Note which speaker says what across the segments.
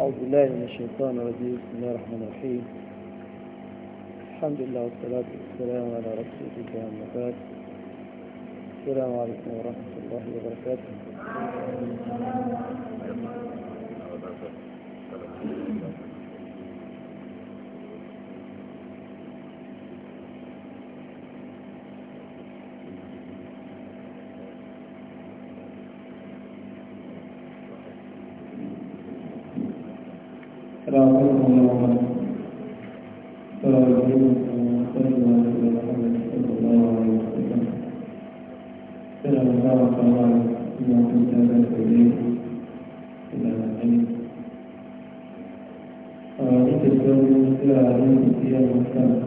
Speaker 1: أعوذ بالله من الشيطان الرجيم بسم الله الرحمن الرحيم الحمد لله والصلاة والسلام على رسول الله وبعد السلام عليكم ورحمة الله وبركاته راقبه الله فراقبه صلى الله عليه وسلم صلى الله عليه وسلم سلام الله تعالى بما كنت ذلك اليه الى الحين أنت تقول إلى عليك في المكان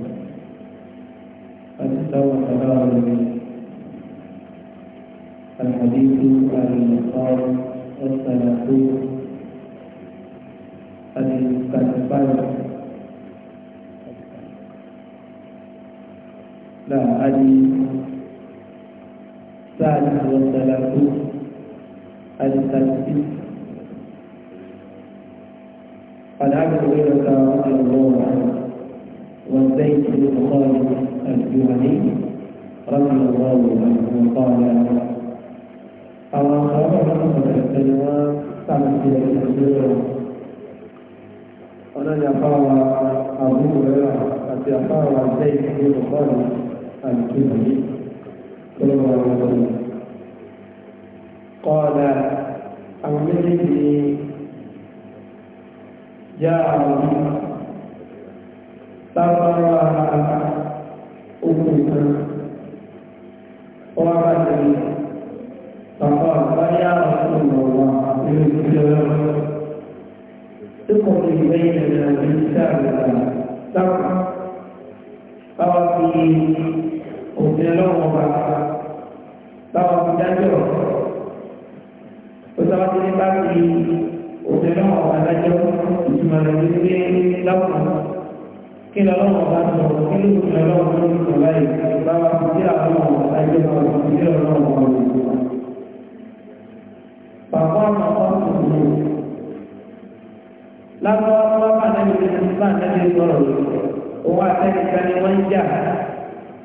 Speaker 1: أنت وحرارة الحديث عن المقام الفجر لا أدي ثالث والثلاثون التنفيذ قد عبد غيرك رضي الله عنه والزيت بن خالد الجهني رضي الله عنه قال أو أخبرنا أن الكلمات تعمل في الجزيرة ọlọ́ni afáwa àbúrò rẹ̀ àti afáwa jẹ́ ìdílé lọ́pàá àti ìdílé lọ́wọ́ àwọn ọmọ kọ́ọ̀dà àwọn méjèèjì já àwọn tábàárà ogun kan wọ́n bá تقضي بيننا بكتابك تقع أوفي أبنلوه táwọn fi dájọ́ ó sábà ti ní káàkiri òfin náà ọ̀gá dájọ́ ìtumọ̀ rẹ̀ ní pé láwùjọ kí ni ọlọ́run ọba sọ kí ló ń lọ ọlọ́run tó ń sọ báyìí bá wa fi síra àwọn ọmọ ọ̀dájọ́ bá wa fi síra ọlọ́run ọmọ ọ̀dájọ́. bàbá ọmọ ọ̀sùn lalu apa-apa Nabi dengan Islam dan diri Tuhan Umat saya berani wajah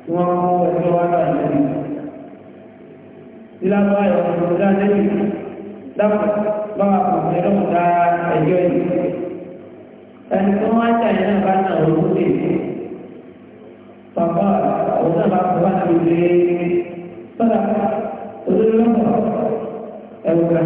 Speaker 1: Semua mahu berkeluarga yang tadi Sila baik orang muda Nabi Dapat bawa pemerintah dan ajar ini Dan semua macam yang nak kata orang putih Papa, usah bapak-bapak Nabi Tidak, usah bapak-bapak Eh, bukan.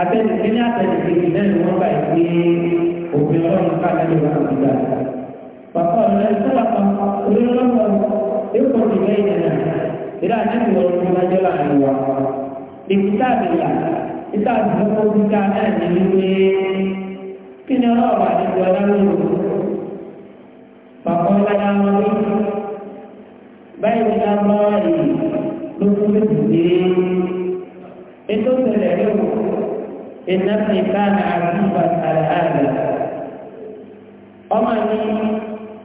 Speaker 1: àtẹnìkí ní àtẹnìkejì náà ni wọ́n gbà pé òfin ọlọ́run káàdé ló wà nígbà bàbá ọ̀nà ìṣẹ́lá kan olólùwọ́ èkó ti lé ìdènà ìdá àtẹnìkí wọn ló máa jẹ́ láàrin wa ìkúta àbíyà ìta àbíyàwó kíkà náà ní wípé kí ni ọlọ́run àdìgbò ọlọ́run bàbá ọlọ́run wọn ló báyìí ní ló fún mi dìde ètò ìṣẹ̀lẹ̀ ìnáfẹ́ ìkáàna àdúgbò àlàáda ọmọ mi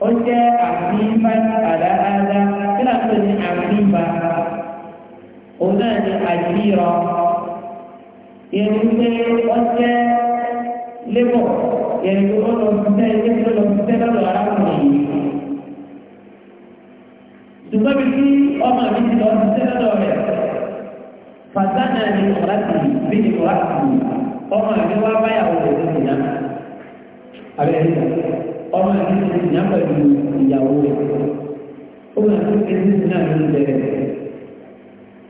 Speaker 1: ó jẹ́ àfihàn àlàáda kí láti ní àfihàn òun náà ní àjíyọ ìrìnwé ó jẹ́ lébọ̀ ìrìnwé ó lọ síṣẹ́ ilé tó lọ síṣẹ́ lọ́dọ̀ arákùnrin yìí ṣùgbọ́n bí ọmọ mi ti lọ síṣẹ́ lọ́dọ̀ rẹ̀ fàtánà ni ọ̀rá tì bí ni ọ̀rá tì ọmọ mi wá báyàwó rẹ̀ lórí ìyá abẹ́ rẹ̀ ọmọ mi ti ìyá pẹ̀lú ìyàwó rẹ̀ ó lọ sí ẹni tí náà ló ń bẹ̀rẹ̀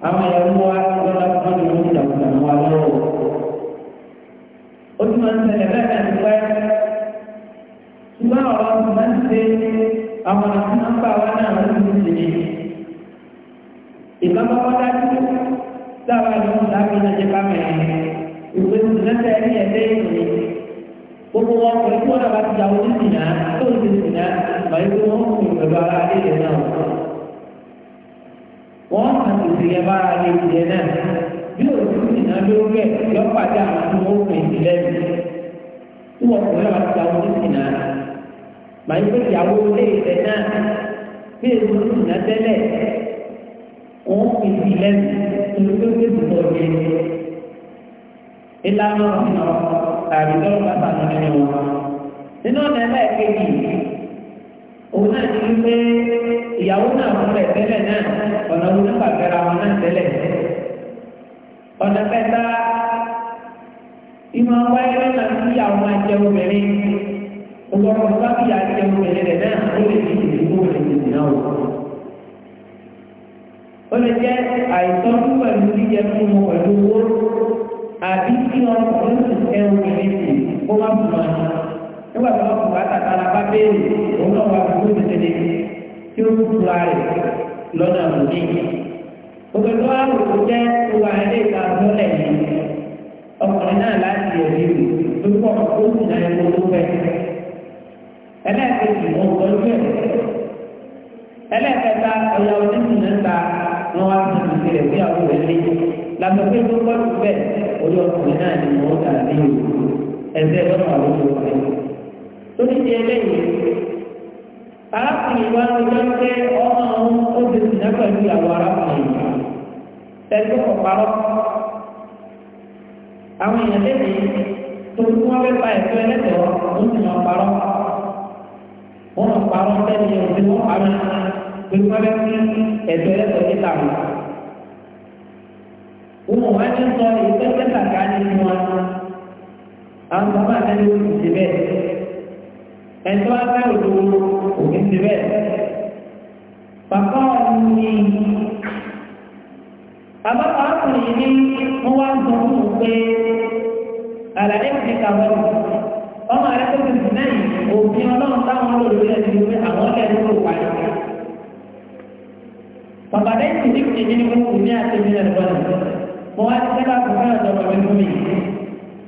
Speaker 1: àwọn ìyàwó wa lọ́la fún mi lórí ìyàwó náà wà lọ́wọ́ ó ti máa ń tẹ̀lé bẹ́ẹ̀ náà ti wáyé ṣùgbọ́n ọ̀rọ̀ ti máa ń ṣe àwọn àti nọ́mbà wa náà ló ń ṣe ní ìgbàgbọ́ dájú ló ń dábìí jẹ́ bá mẹ́rin Kemudian saya ini ada Pemulau itu ada bahasa jauh di sini Atau di sini Baik itu mau berbara di sini Orang nanti saya berbara di sini Bila di sini Nabi Oke Yang pajak Nabi Oke Di sini Itu waktu ada bahasa jauh di sini Baik itu jauh di sini Bila di sini Nanti Orang di sini Tunggu-tunggu Tunggu-tunggu ilá náà ń nọ tàbí tó ń bá sàánú nínú wọn. nínú ọ̀nà ẹlẹ́ẹ̀kejì òun náà ti rí pé ìyàwó náà ń bẹ̀ tẹ́lẹ̀ náà ọ̀nà òun nípa bẹ̀rẹ̀ àwọn náà tẹ́lẹ̀. ọ̀nà kẹta ìmọ̀ wáyé lọ́nà sí àwọn ajẹ́ obìnrin ọgbọ́n ọgbà bí ajẹ́ obìnrin rẹ̀ náà ó lè ní ìdìbò rẹ̀ nìyàwó. ó lè jẹ́ léèrè òun náà wà fún ìdílé tí ó kú tura rẹ̀ lọ́nà òní. Òpèlú àrùkù jẹ́ ìwà ilé ìgbàgbọ́ lẹ́yìn ọkùnrin náà láti ẹ̀rí rẹ̀ tó pọ̀ tó sì náà ẹ̀kọ́ tó fẹ́. Ẹlẹ́ẹ̀kejì wọn kọ́ ló fẹ́. Ẹlẹ́ẹ̀kẹta ọ̀yà oníṣù náà ta wọn wá sí ìdílé rẹ̀ bí àwọn rẹ̀ lé. Làbẹ̀pẹ̀ tó pọ̀ tó fẹ́ orí ọkùnrin náà ni wọ́n dà lórí ti ẹlẹ́yìn arákùnrin wa ti jẹ́ pé ọmọ òun ó ti sì náà pẹ̀lú ìyàwó arákùnrin tẹ́lú ọ̀parọ́ àwọn èèyàn lẹ́yìn tó kí wọ́n fẹ́ pa ẹ̀fọ́ ẹlẹ́tọ̀ọ́ wọ́n sì máa parọ́ wọ́n máa parọ́ tẹ́lẹ̀ yẹn tí wọ́n parọ́ pé wọ́n fẹ́ fi ẹ̀fọ́ ẹlẹ́tọ̀ọ́ níta wọn. wọn wá ní sọ ìfẹ́ pẹ́tàkà nínú wọn àwọn bàbá àtẹ́lẹ́ òkùnkùn bẹ́ẹ̀ ẹni wá fẹ́ òdòdó òní ti bẹ́ẹ̀. Bàbá ọ̀hún ni bàbá arákùnrin ní wọ́n wá ń sọ fún un pé àlàyé kò ní kàwé ọmọ rẹ tó ti sìn náà òfin ọlọ́run táwọn olóòlù rẹ̀ ti wé àwọn ọlẹ́rú ló wà ní. Bàbá dẹ́yìn tí kò ní ní kókò ní àti ìbílẹ̀ lọ́wọ́ ni. Mo wá ní sábà kò fẹ́ràn jọ̀wọ́ mi fún mi.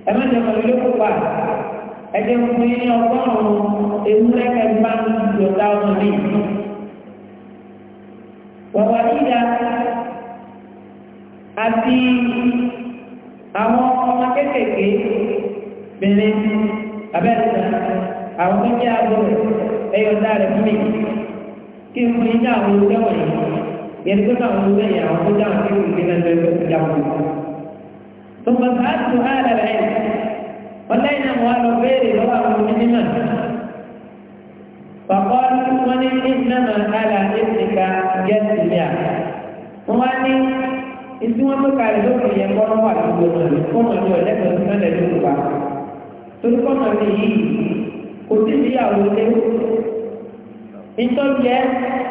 Speaker 1: Ẹ má jọ̀wọ́ mi ló kópa ẹjẹ fún yín ní ọgọ́rùn-ún ewúrẹ́ kẹfà yọ̀dá ọdún mi. Wàwà yíya àti àwọn ọmọ kékèké bẹ̀rẹ̀ abẹ́rẹ́ àwọn tó jẹ́ àgbo ẹ̀yọ̀dá rẹ̀ fún mi kí n fún yín ní àwọn ewúrẹ́ wọ̀nyí yẹn tó náà wọ́n lé yàrá tó dáhùn sí ìdílé náà lọ́wọ́ ìjà wọn. Tòmọ̀tà tó hàn lẹ́rẹ̀ẹ́ ọ̀lá iná mọ̀ lọ béèrè lọ́wọ́ àwọn onímọ̀ bàbá wọn ní ìnáwó àlà ìsìnká gẹ́sìlíà wọn wá ní ìsí wọn tó kàrí lókè yẹn kọ́ lọ́wọ́ àdúgbò náà fọ́nà ní ọ̀lẹ́gbẹ̀ẹ́ tó mẹ́lẹ̀ ló wà torí fọ́nà ní yìí kò sí ìyàwó lé ìtọ́jẹ́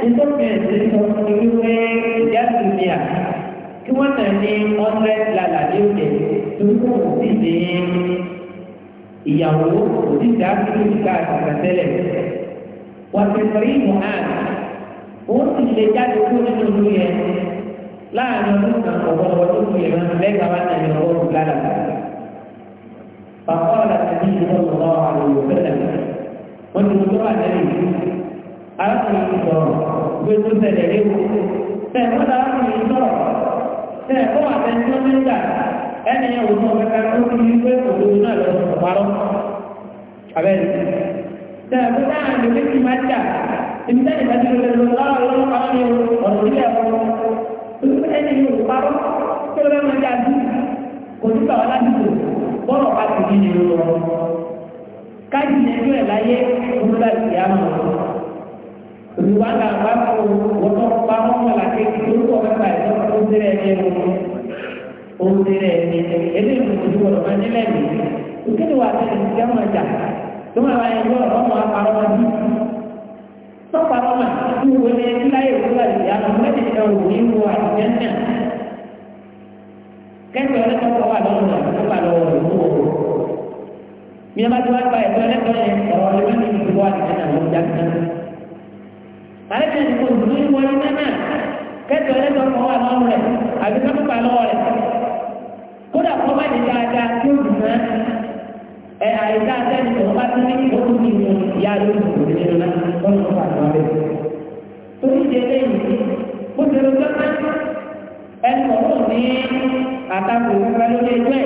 Speaker 1: ìtọ́fẹ̀ẹ́sì sọ fún ìwé gẹ́sìlíà kí wọ́n tẹ̀ ní ọ̀rẹ́ ìyàwó òdìjà kíkà àtàtẹ́lẹ̀ wọ́n ti sọ yìí mọ̀ hàn ó sì lè jáde kó nínú ìlú yẹn láàrin ọdún kan ọ̀gbọ́n ọdún yẹn náà lẹ́gbàá wá nàìjíríà ọgbọ́n ọdún lára bàbá ọ̀la ti ní ìlú ọ̀gbọ́n àwọn òbí rẹ̀ wọ́n ti sọ wà lẹ́yìn ìlú arákùnrin ti sọ̀rọ̀ gbé tó tẹ̀lé léwu tẹ̀ wọ́n ẹni yẹn òun náà kẹta ló fi wípé òun náà lọ sọ̀rọ̀ parọ́ abẹ́rẹ́ tẹ̀lé náà lè fi kí máa jà èmi náà lè dájú lórí ẹ̀rọ lọ́wọ́ lọ́wọ́ parọ́ ní ọ̀rọ̀ orí ẹ̀rọ olùkọ́ ẹni yẹn òun parọ́ tó lọ́wọ́ máa jà dú kò sí bàwọ́ ládùúgbò bọ́ọ̀rọ̀ bá ti di nìyẹn lọ káàdì dua orang yang lain. Mungkin waktu yang dia macam. Cuma lain dua orang mahu para mati. So para mati itu boleh nilai juga di alam mereka yang tahu minggu atau jenisnya. Kan dia ada tempat awal dong, tempat lo buku. Mia mati orang baik, dia ada tempat yang bawa lima minggu buat di sana, belum jangan. Tapi dia pun belum buat di sana. náà ẹ àìsá sẹ́ni tó bá tún ní ìlú ní ìlú ìyá lóṣù tó ní ìlú náà lọ́nà tó bá tún abẹ́. torí ìdí eléyìí bó ti lọ sọ́kàn ẹ sọ̀rọ̀ ní àtakò ìfẹ́ lórí ẹgbẹ́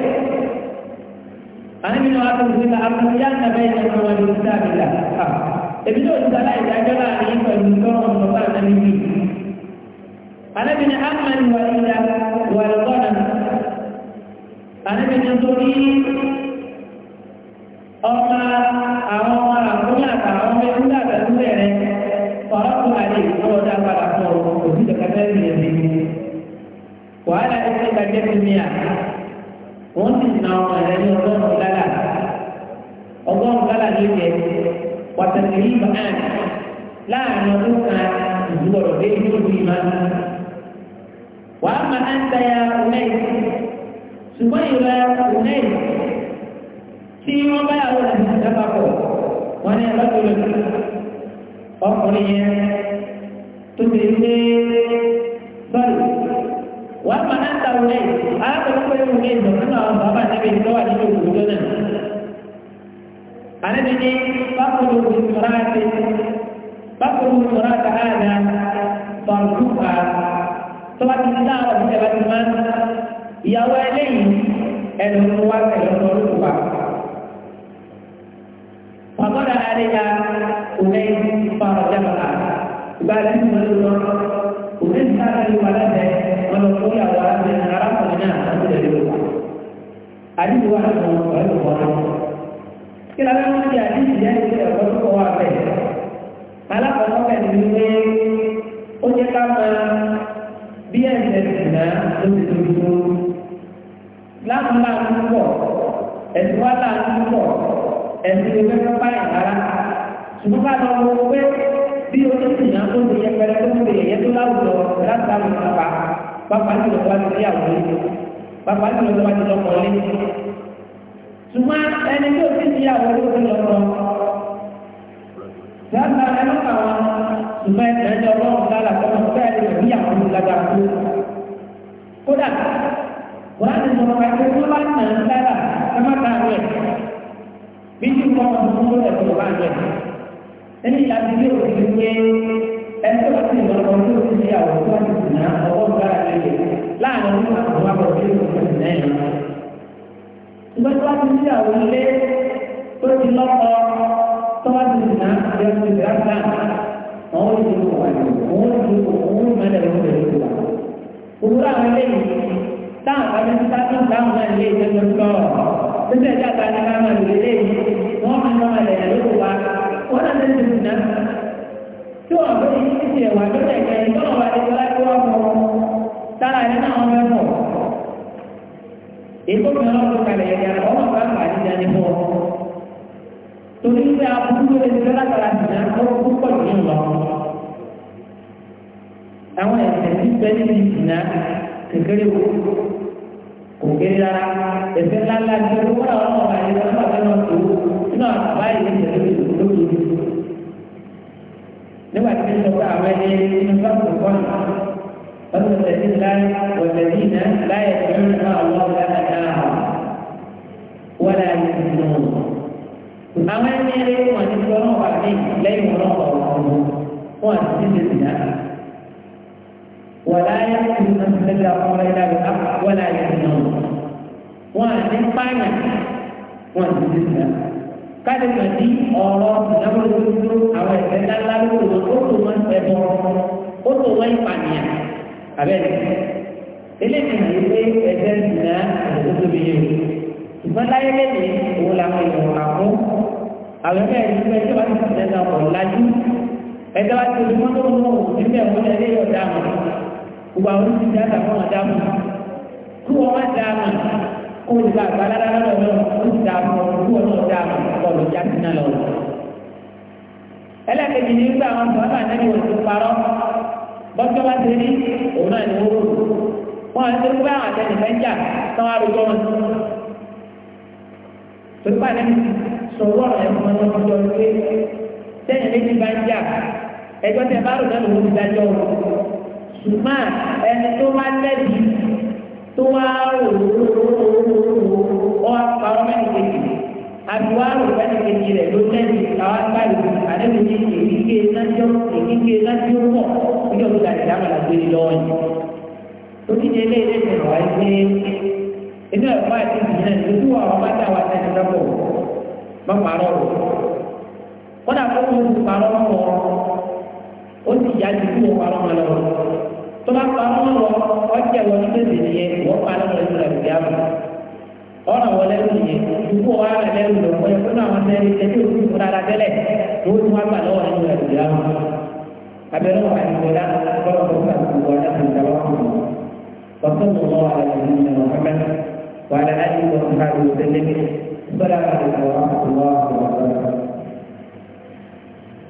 Speaker 1: àní nínú àtúntò ìta àkùnrin àtàbẹ̀ ìjọba wọn ní ìta àbílà èmi náà ti sàlá ìdájọ́ láàrin pẹ̀lú tọ́rọ̀ ọ̀pá àtàbí àníbìnrin tó ní ọmọ àwọn ọmọ àkúnyà àtàwọn ọmọ ẹgbẹ́ àtàlúwẹ̀ rẹ fọ́ọ̀kù àlè ìfọwọ́dá padà fún ọ̀rọ̀ òbí kẹkẹrẹ rẹ̀ ní wàhálà ẹgbẹ́ ìgbàjẹ́ ti ní à wọ́n sì na ọmọ rẹ ní ọgọ́rùn-ún dálà ọgọ́rùn-ún dálà ló jẹ pàtàkì yìí bá àn láàrin ọdún kan ìdúgbọ̀rọ̀ dé ìdúgbò yìí máa wàá máa ń tẹ́yà ọmọ ẹ̀yìn supaya ulaya kunai si mamba ada dapat apa mana ada tulis apa ni ya tu dia wan mana tahu ni kan? Ada nak kau ni dengan apa apa ni beri doa di tu tu tak ana ni ni apa tu surat apa tu surat ada Tuhan Tuhan kita Tuhan kita ìyàwó ẹlẹ́yìn ẹnu wá pẹ̀lú ọdún wa. Pàmọ́dà àríyá òwe ìfàrọ̀ jẹ́mọ̀lá. Ìgbà tí mo lò lọ, òwe ti sáà lè wà lẹ́sẹ̀ ọ̀nà fún ìyàwó àti arákùnrin náà láti lè lò wá. Àdìsí wà lọ́wọ́ ọ̀rẹ́ ìwọ̀n náà. Kí la bẹ́ẹ̀ wọ́n ti àdìsí yẹn ní ẹ̀kọ́ tó kọ́ wá bẹ́ẹ̀? Alákọ̀ọ́kọ́ bẹ̀rẹ̀ ni pé ó jẹ́ ká máa bí ẹ̀sẹ̀ ìgbà tó ti tó ìsìláàmù láàánú púpọ̀ ẹ̀sìn wá láàánú púpọ̀ ẹ̀sìn ìwé pápá ìrara ṣùgbọ́n ká lọ wo pé bí o ti sìn náà tó ti yẹ pẹrẹ tó ti yẹ tó láwùjọ láti àwọn ìpapà pápá tí o bá ti rí àwọn ilé pápá tí o bá ti lọkọ lé ṣùgbọ́n ẹni tó ti di àwọn ilé tó lọkọ
Speaker 2: láti àwọn ẹlọ́pàá ṣùgbọ́n ẹ̀sìn ọlọ́run lálàkọ́ náà bẹ́ẹ̀ ni ìyàwó lágbàdo
Speaker 1: kódà wọ́n á ti sọ̀rọ̀ wá pé wọ́n bá nà ń dára ẹ má ta rẹ̀ bí ti kọ́ ọdún tó lẹ̀ tó bá rẹ̀ ẹni ìyá ti lé òkè pé ẹni tó bá ti lọ lọ tó ti di àwọn tó ti sìn náà ọwọ́ gbára rẹ̀ láàrin ní àwọn àwọn ọ̀dọ́ tó ti sìn náà yẹn ṣùgbọ́n tó bá ti di àwọn ilé tó ti lọ́kọ tó bá ti sìn náà yẹn ti rà gbà àwọn olùdókòwò àwọn olùdókòwò mẹ́lẹ̀ táwọn àbájá ti sá tún Orang náà lé ìjọba sọ̀rọ̀ nígbà tí àgbà ní káwọn ìlú lé yìí wọ́n máa ń lọ́wọ́ ẹ̀yà lóko wa wọ́n náà ti sùn náà tí wọ́n bá yí ti ti ẹ̀wà lórí ẹ̀ka yìí tọ́lọ̀ wà ní ìjọba tí wọ́n mọ̀ tára ẹ̀ náà wọ́n mọ̀ èkó mi ọlọ́run kalẹ̀ ẹ̀yà ọmọ bá fà ní ìdáni fún ọ torí pé abúlé lórí ẹ̀ka látara sì náà ó púpọ̀ jù lọ àwọn ẹ̀sẹ̀ ti bẹ́ẹ̀ ní ìsìn náà kékeré o kò kéré rárá ẹsẹ̀ ńlá ńlá ní ọdún wọn àwọn ọmọ àyè wọn náà lọ tó nínú àwọn àbá yìí ní ìṣẹ̀lẹ̀ tó tó tó tó nígbà tí ń sọ pé àwọn ẹni nínú sọ́ọ̀tù kọ́nà lọ́sọ̀ tẹ̀sí láyé wọ̀tẹ̀sí iná láyé ẹ̀sìn náà àwọn ọ̀gá náà wọ́n náà yẹ kí nù. àwọn ẹni ẹni wọn ti sọ náà wà ní lẹ́yìn wọn náà wọ̀ wọn wọn àti ولا يمكن أن تتجاه قبل إلى الأرض ولا يمنون وأن يمنع وأن يمنع قد المدي أولاد نمر الدكتور أو يتجاه لأرض وقلت من أبوه قلت ما يمنع أبدا إلي من يبقى أجل من الدكتور بيه Ibu saya ini ulang ibu kamu, agaknya ibu itu masih tidak tahu lagi. Ibu itu cuma tahu, ibu yang mulai dia dah mati. gbogbo àwọn oníṣẹ́ ìjà àtàwọn ọmọ dá mọ̀ kí wọ́n má dá mọ̀ kó o lè bá àgbà lára lọ́dọ̀ náà ó o dá mọ̀ kí wọ́n náà dá mọ̀ kọ́ ló já sí náà lọ. ẹlẹ́kẹ̀jì ní gbà wọn sọ ọ́nà nẹ́bí wọn ti parọ́ bọ́sọ́ bá ti rí òun náà ni wọ́n rò wọ́n á ti gbé àwọn àtẹnìfẹ́ jà táwọn arúgbó wọn. torí pàdé sọ̀rọ̀ ẹ̀fọn ọjọ́ ìgbé tẹ́yìn méjì bá ń jà ẹjọ́ tẹ ṣùgbọ́n ẹni tó wá lẹ́bi tó wá rò ó pa ọmọ ẹnìkejì àti wá rò ọmọ ẹnìkejì rẹ̀ ló lẹ́bi àwọn agbáyò àdébí ní èkíkè lájọ́ èkíkè lájọ́ pọ̀ nígbà tó ga ìdáhùn àgbè lọ́wọ́ yìí. Oníṣẹ́ ilé ilé ìṣẹ̀lẹ̀ wáyé pé inú ẹ̀fọ́ àti ìjìnlẹ̀ ìlú àwọn bá dà wá sẹ́ni lọ́pọ̀ má parọ́ rò. Kọ́dà tó kún un parọ́ mọ́ tó bá pa wọn lọ ọjà wọn ní bèbè nìyẹn wọ́n pa lọ́wọ́ ẹ̀rọ rẹ̀ kí á bọ̀ ọ̀rọ̀ wọn lẹ́rù nìyẹn dùkú wa rẹ̀ lẹ́rù lọ wọ́n yẹ fún àwọn ẹni tẹ́tí òfin fún ara tẹ́lẹ̀ ló tún wá pa lọ́wọ́ ẹ̀rọ rẹ̀ kí á bọ̀ abẹ́rẹ́ wọn àti ìwọ̀dá bọ́lá tó fà gbogbo ọ̀dà tó ń dàbọ̀ fún wọn. وصلى الله على سيدنا محمد وعلى اله وصحبه وسلم السلام عليكم ورحمه الله وبركاته